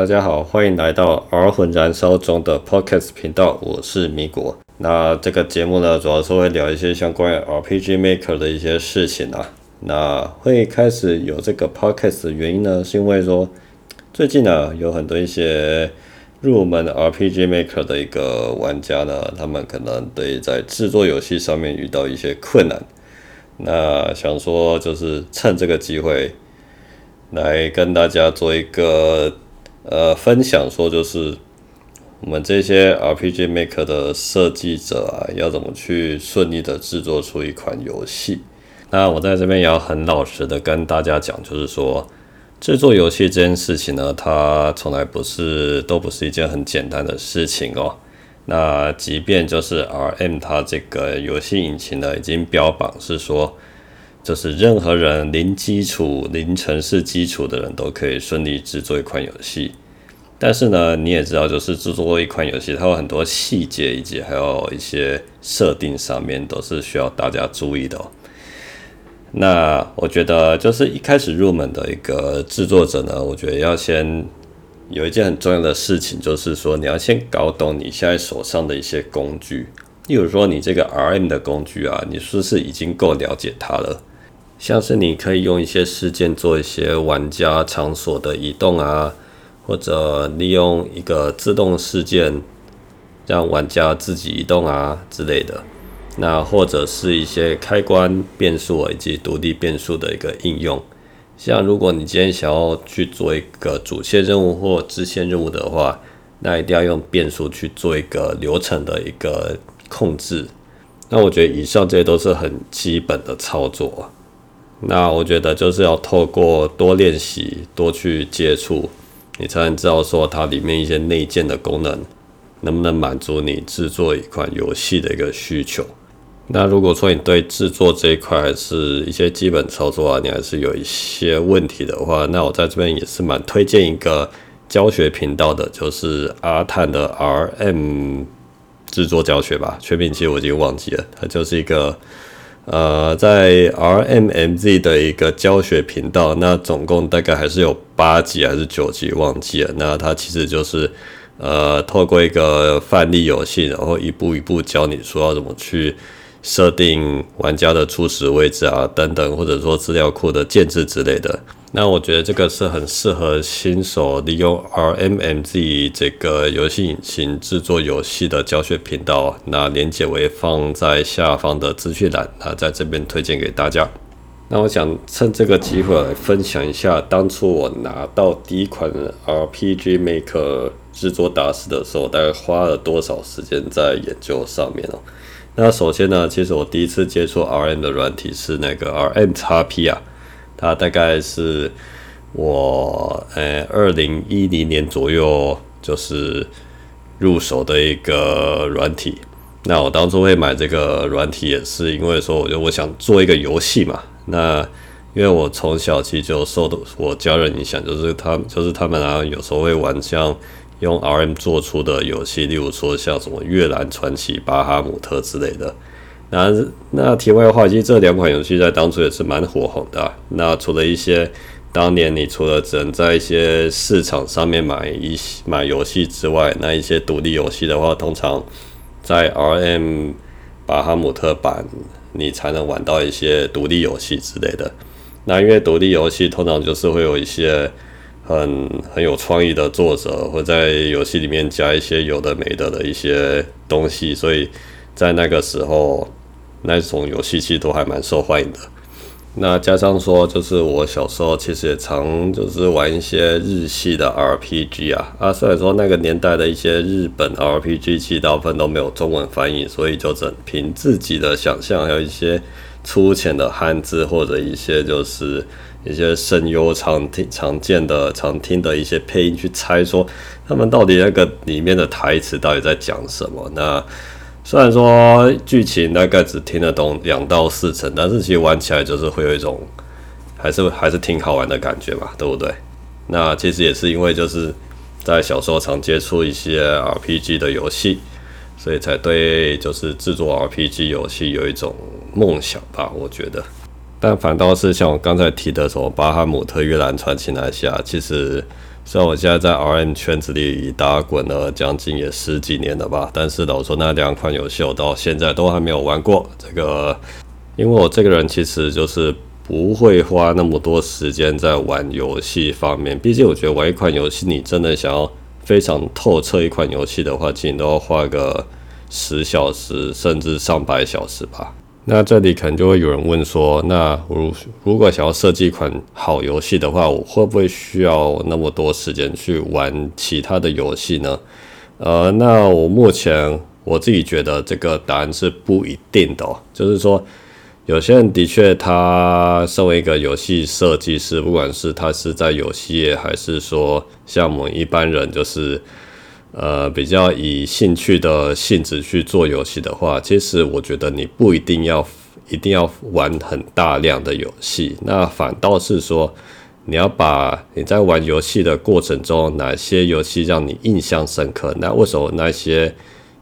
大家好，歡迎來到 R 魂燃燒中的 Podcast 頻道，我是米果。那這個節目呢，主要是會聊一些相關 RPG Maker 的一些事情啊。那會開始有這個 Podcast 的原因呢，是因為說最近呢，有很多一些入門 RPG Maker 的一個玩家呢，他們可能對在製作遊戲上面遇到一些困難，那想說就是趁這個機會來跟大家做一個。呃，分享說就是我們這些 RPG Maker 的設計者啊，要怎麼去順利的制作出一款遊戲？那我在這邊也要很老實的跟大家講，就是說制作遊戲這件事情呢，它從來不是都不是一件很簡單的事情哦。那即便就是 RM 它這個遊戲引擎呢，已經標榜是說，就是任何人零基礎、零程式基礎的人都可以順利制作一款遊戲。但是呢，你也知道，就是製作過一款遊戲，它有很多細節，以及還有一些設定上面都是需要大家注意的哦。那我覺得，就是一開始入門的一個製作者呢，我覺得要先有一件很重要的事情，就是說你要先搞懂你現在手上的一些工具。例如說，你這個 RM 的工具啊，你是不是已經夠了解它了？像是你可以用一些事件做一些玩家場所的移動啊。或者利用一個自動事件讓玩家自己移動啊之類的，那或者是一些開關變數以及獨立變數的一個應用。像如果你今天想要去做一個主線任務或支線任務的話，那一定要用變數去做一個流程的一個控制。那我覺得以上這些都是很基本的操作。那我覺得就是要透過多練習，多去接觸。你才能知道說它裡面一些內建的功能能不能滿足你制作一款遊戲的一個需求。那如果說你對制作這一塊還是一些基本操作啊，你還是有一些問題的話，那我在這邊也是蠻推薦一個教學頻道的，就是阿探的 RM 制作教學吧，全名其實我已經忘記了，它就是一個。呃，在 RMMZ 的一個教學頻道，那總共大概還是有八集還是九集，忘記了。那它其實就是呃，透過一個範例遊戲，然後一步一步教你說要怎麼去設定玩家的初始位置啊，等等，或者說資料庫的建置之類的。那我覺得這個是很適合新手利用 RMMZ 這個遊戲引擎製作遊戲的教學頻道，那連接我放在下方的資訊欄，那在這邊推薦給大家。那我想趁這個機會來分享一下，當初我拿到第一款 RPG Maker 製作大師的時候，大概花了多少時間在研究上面哦。那首先呢，其實我第一次接觸 RM 的軟體是那個 RM 叉 P 啊。它大概是我呃二零一零年左右就是入手的一個軟體。那我當初會買這個軟體，也是因為說，我就我想做一個遊戲嘛。那因為我從小其實就受到我家人影響，就是他就是他們啊，有時候會玩像用 R M 做出的遊戲，例如說像什麼《越南傳奇》《巴哈姆特》之類的。那那題外的話，其實這兩款遊戲在當初也是蠻火紅的啊，那除了一些當年，你除了只能在一些市場上面買一買遊戲之外，那一些獨立遊戲的話，通常在 RM 巴哈姆特版你才能玩到一些獨立遊戲之類的。那因為獨立遊戲通常就是會有一些很很有創意的作者會在遊戲裡面加一些有的沒的的一些東西，所以在那個時候。那種遊戲機都還蠻受歡迎的。那加上說，就是我小時候其實也常就是玩一些日系的 RPG 啊啊，啊雖然說那個年代的一些日本 RPG 大部分都沒有中文翻譯，所以就只憑自己的想象，還有一些粗淺的漢字或者一些就是一些聲優常聽常見的、常聽的一些配音去猜說他們到底那個裡面的台詞到底在講什麼。那雖然說劇情大概只聽得懂兩到四成，但是其實玩起來就是會有一種，還是還是挺好玩的感覺嘛，對不對？那其實也是因為就是在小時候常接觸一些 RPG 的遊戲，所以才對就是制作 RPG 遊戲有一種夢想吧，我覺得。但反倒是像我剛才提的說《巴哈姆特越南傳奇》那些，其實。雖然我現在在 RM 圈子裡打滾了將近也十幾年了吧，但是老實說，那兩款遊戲我到現在都還沒有玩過。這個，因為我這個人其實就是不會花那麼多時間在玩遊戲方面。畢竟，我覺得玩一款遊戲，你真的想要非常透徹一款遊戲的話，其實你都要花個十小時甚至上百小時吧。那這裡可能就會有人問說，那如如果想要設計一款好遊戲的話，我會不會需要那麼多時間去玩其他的遊戲呢？呃，那我目前我自己覺得這個答案是不一定的哦，就是說，有些人的確他身為一個遊戲設計師，不管是他是在遊戲業，還是說像我們一般人，就是。呃，比較以興趣的性質去做遊戲的話，其實我覺得你不一定要一定要玩很大量的遊戲，那反倒是說，你要把你在玩遊戲的過程中，哪些遊戲讓你印象深刻？那為什麼那些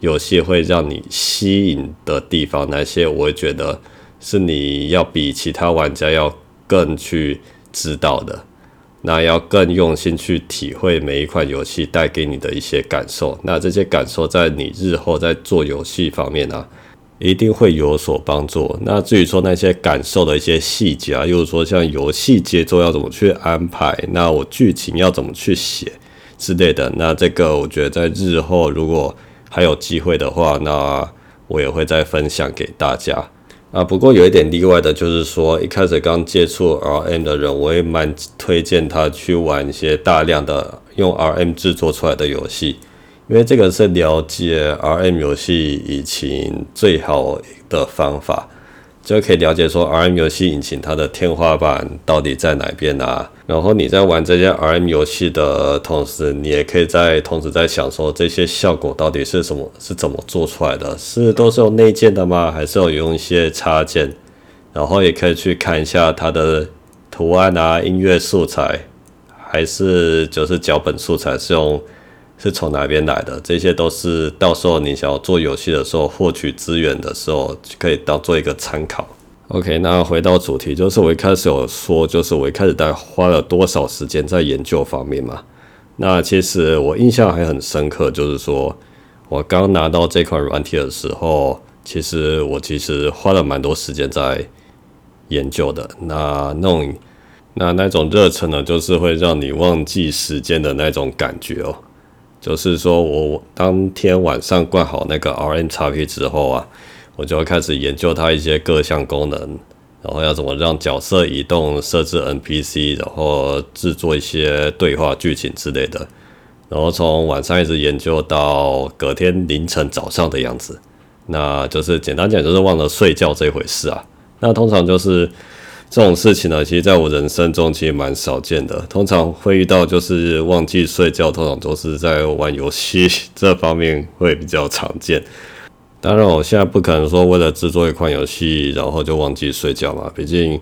遊戲會讓你吸引的地方？那些我會覺得是你要比其他玩家要更去知道的？那要更用心去體會每一款遊戲帶給你的一些感受，那這些感受在你日後在做遊戲方面呢，啊，一定會有所幫助。那至於說那些感受的一些細節啊，又是說像遊戲節奏要怎麼去安排，那我劇情要怎麼去寫之類的，那這個我覺得在日後如果還有機會的話，那我也會再分享給大家。啊，不過有一點例外的就是說，一開始剛接觸 RM 的人，我也蠻推薦他去玩一些大量的用 RM 制作出來的遊戲，因為這個是了解 RM 遊戲引擎最好的方法。就可以了解說，RM 遊戲引擎它的天花板到底在哪邊啊？然後你在玩這些 RM 遊戲的同時，你也可以在同時在想說，這些效果到底是什麼，是怎麼做出來的？是都是用內建的嗎？還是有用一些插件？然後也可以去看一下它的圖案啊、音樂素材，還是就是腳本素材是用。是從哪邊來的？這些都是到時候你想要做遊戲的時候，獲取資源的時候，可以當做一個參考。OK，那回到主題，就是我一開始有說，就是我一開始大概花了多少時間在研究方面嘛？那其實我印象還很深刻，就是說我剛拿到這款軟體的時候，其實我其實花了蠻多時間在研究的。那那種那那種熱忱呢，就是會讓你忘記時間的那種感覺哦。就是說我當天晚上灌好那個 RMXP 之後啊，我就會開始研究它一些各項功能，然後要怎麼讓角色移動、設置 NPC，然後制作一些對話劇情之類的，然後從晚上一直研究到隔天凌晨早上的樣子，那就是簡單講，就是忘了睡覺這一回事啊。那通常就是。這種事情呢，其實在我人生中其實蠻少見的。通常會遇到就是忘記睡覺，通常都是在玩遊戲這方面會比較常見。當然，我現在不可能說為了制作一款遊戲，然後就忘記睡覺嘛。畢竟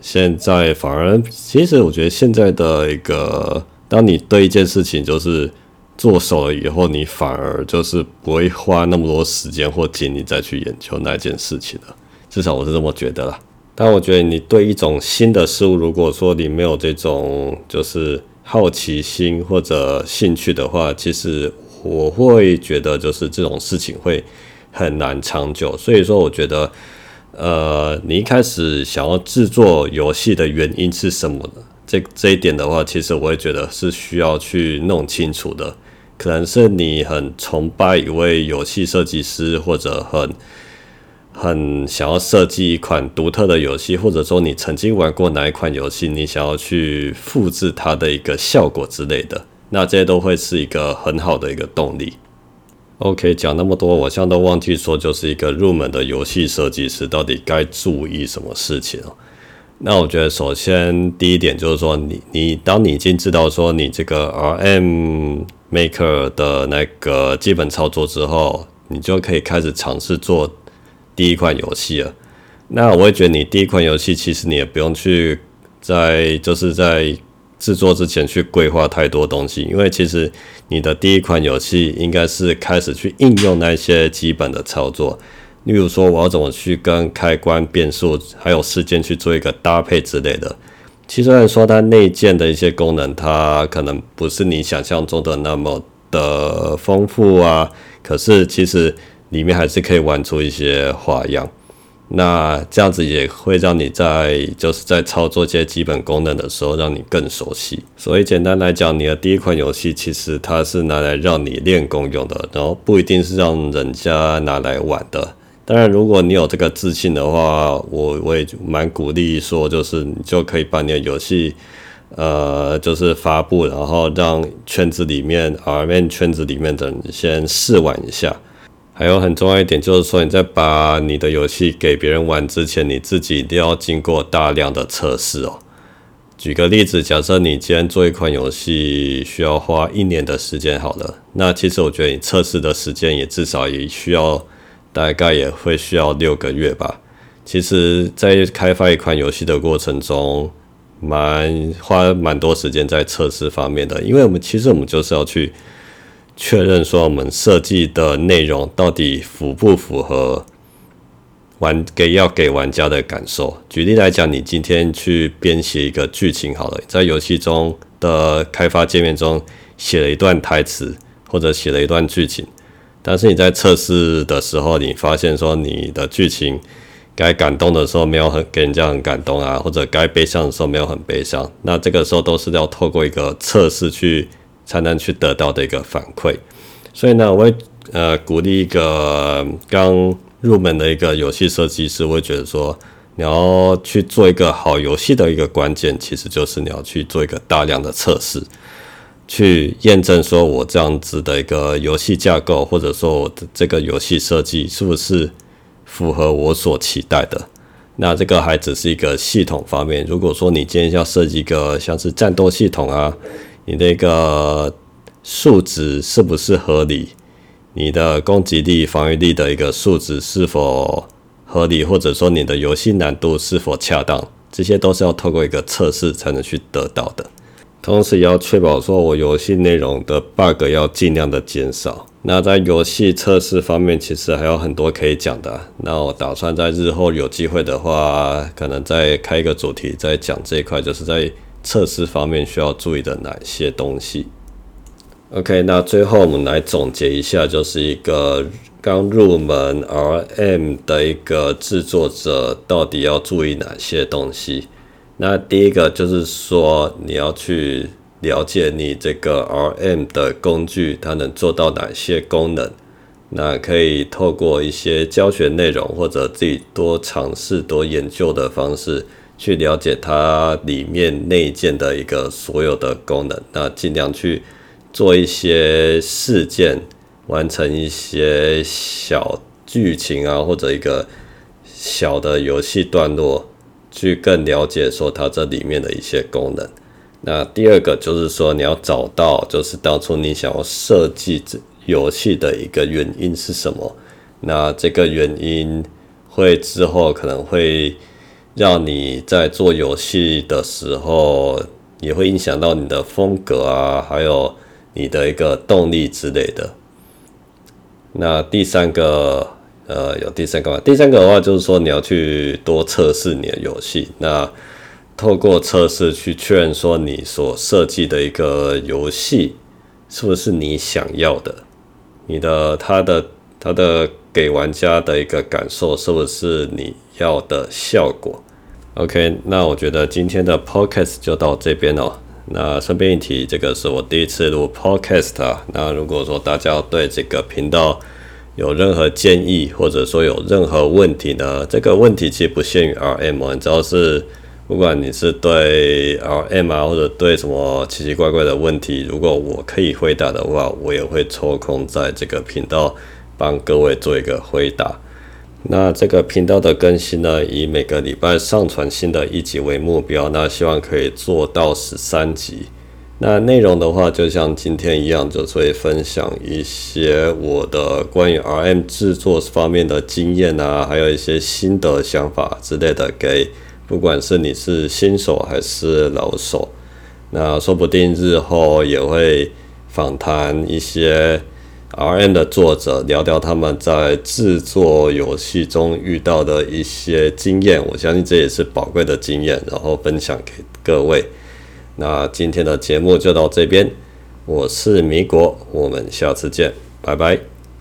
現在反而，其實我覺得現在的一個，當你對一件事情就是做熟了以後，你反而就是不會花那麼多時間或精力再去研究那件事情了。至少我是這麼覺得啦。但我覺得你對一種新的事物，如果說你沒有這種就是好奇心或者興趣的話，其實我會覺得就是這種事情會很難長久。所以說，我覺得，呃，你一開始想要制作遊戲的原因是什麼呢？這這一點的話，其實我也覺得是需要去弄清楚的。可能是你很崇拜一位遊戲設計師，或者很很想要設計一款獨特的遊戲，或者說你曾經玩過哪一款遊戲，你想要去複製它的一個效果之類的，那這些都會是一個很好的一個動力。OK，講那麼多，我現在都忘記說，就是一個入門的遊戲設計師到底該注意什麼事情。那我覺得，首先第一點就是說你，你你當你已經知道說你這個 RM Maker 的那個基本操作之後，你就可以開始嘗試做。第一款遊戲啊，那我也覺得你第一款遊戲其實你也不用去在就是在製作之前去規劃太多東西，因為其實你的第一款遊戲應該是開始去應用那些基本的操作，例如說我要怎麼去跟開關、變數還有事件去做一個搭配之類的。其實來說，它內建的一些功能，它可能不是你想象中的那麼的豐富啊。可是其實。裡面還是可以玩出一些花樣，那這樣子也會讓你在就是在操作這些基本功能的時候，讓你更熟悉。所以簡單來講，你的第一款遊戲其實它是拿來讓你練功用的，然後不一定是讓人家拿來玩的。當然，如果你有這個自信的話，我我也蠻鼓勵說，就是你就可以把你的遊戲，呃，就是發布，然後讓圈子裡面 RM 圈子裡面的人先試玩一下。還有很重要一點，就是說你在把你的遊戲給別人玩之前，你自己一定要經過大量的測試哦。舉個例子，假設你今天做一款遊戲，需要花一年的時間好了，那其實我覺得你測試的時間也至少也需要大概也會需要六個月吧。其實，在開發一款遊戲的過程中，蠻花蠻多時間在測試方面的，因為我們其實我們就是要去。確認說我們設計的內容到底符不符合玩給要給玩家的感受。舉例來講，你今天去編寫一個劇情，好了，在遊戲中的開發界面中寫了一段台詞或者寫了一段劇情，但是你在測試的時候，你發現說你的劇情該感動的時候沒有很給人家很感動啊，或者該悲傷的時候沒有很悲傷，那這個時候都是要透過一個測試去。才能去得到的一個反饋，所以呢，我會呃鼓勵一個剛入門的一個遊戲設計師，我會覺得說，你要去做一個好遊戲的一個關鍵，其實就是你要去做一個大量的測試，去驗證說我這樣子的一個遊戲架構，或者說我的這個遊戲設計是不是符合我所期待的。那這個還只是一個系統方面，如果說你今天要設計一個像是戰鬥系統啊。你那個數值是不是合理？你的攻擊力、防禦力的一個數值是否合理？或者說你的遊戲難度是否恰當？這些都是要透過一個測試才能去得到的。同時也要確保說，我遊戲內容的 bug 要盡量的減少。那在遊戲測試方面，其實還有很多可以講的。那我打算在日後有機會的話，可能再開一個主題，再講這一塊，就是在。測試方面需要注意的哪些東西？OK，那最後我們來總結一下，就是一個剛入門 RM 的一個製作者到底要注意哪些東西。那第一個就是說，你要去了解你這個 RM 的工具，它能做到哪些功能。那可以透過一些教學內容或者自己多嘗試、多研究的方式。去了解它裡面內建的一個所有的功能，那儘量去做一些事件，完成一些小劇情啊，或者一個小的遊戲段落，去更了解說它這裡面的一些功能。那第二個就是說，你要找到就是當初你想要設計這遊戲的一個原因是什麼，那這個原因會之後可能會。讓你在做遊戲的時候，也會影響到你的風格啊，還有你的一個動力之類的。那第三個，呃，有第三個嗎？第三個的話就是說你要去多測試你的遊戲，那透過測試去確認說你所設計的一個遊戲是不是你想要的，你的他的他的給玩家的一個感受是不是你。要的效果，OK，那我覺得今天的 Podcast 就到這邊哦。那順便一提，這個是我第一次錄 Podcast 啊。那如果說大家對這個頻道有任何建議，或者說有任何問題呢，這個問題其實不限於 RM，只要是不管你是對 RM 啊，或者對什麼奇奇怪怪的問題，如果我可以回答的話，我也會抽空在這個頻道幫各位做一個回答。那這個頻道的更新呢，以每個禮拜上傳新的一集為目標。那希望可以做到十三集。那內容的話，就像今天一樣，就是、會分享一些我的關於 RM 製作方面的經驗啊，還有一些心得想法之類的給，給不管是你是新手還是老手。那說不定日後也會訪談一些。RM 的作者聊聊，他們在制作遊戲中遇到的一些經驗，我相信這也是寶貴的經驗，然後分享給各位。那今天的節目就到這邊，我是米果，我們下次見，拜拜。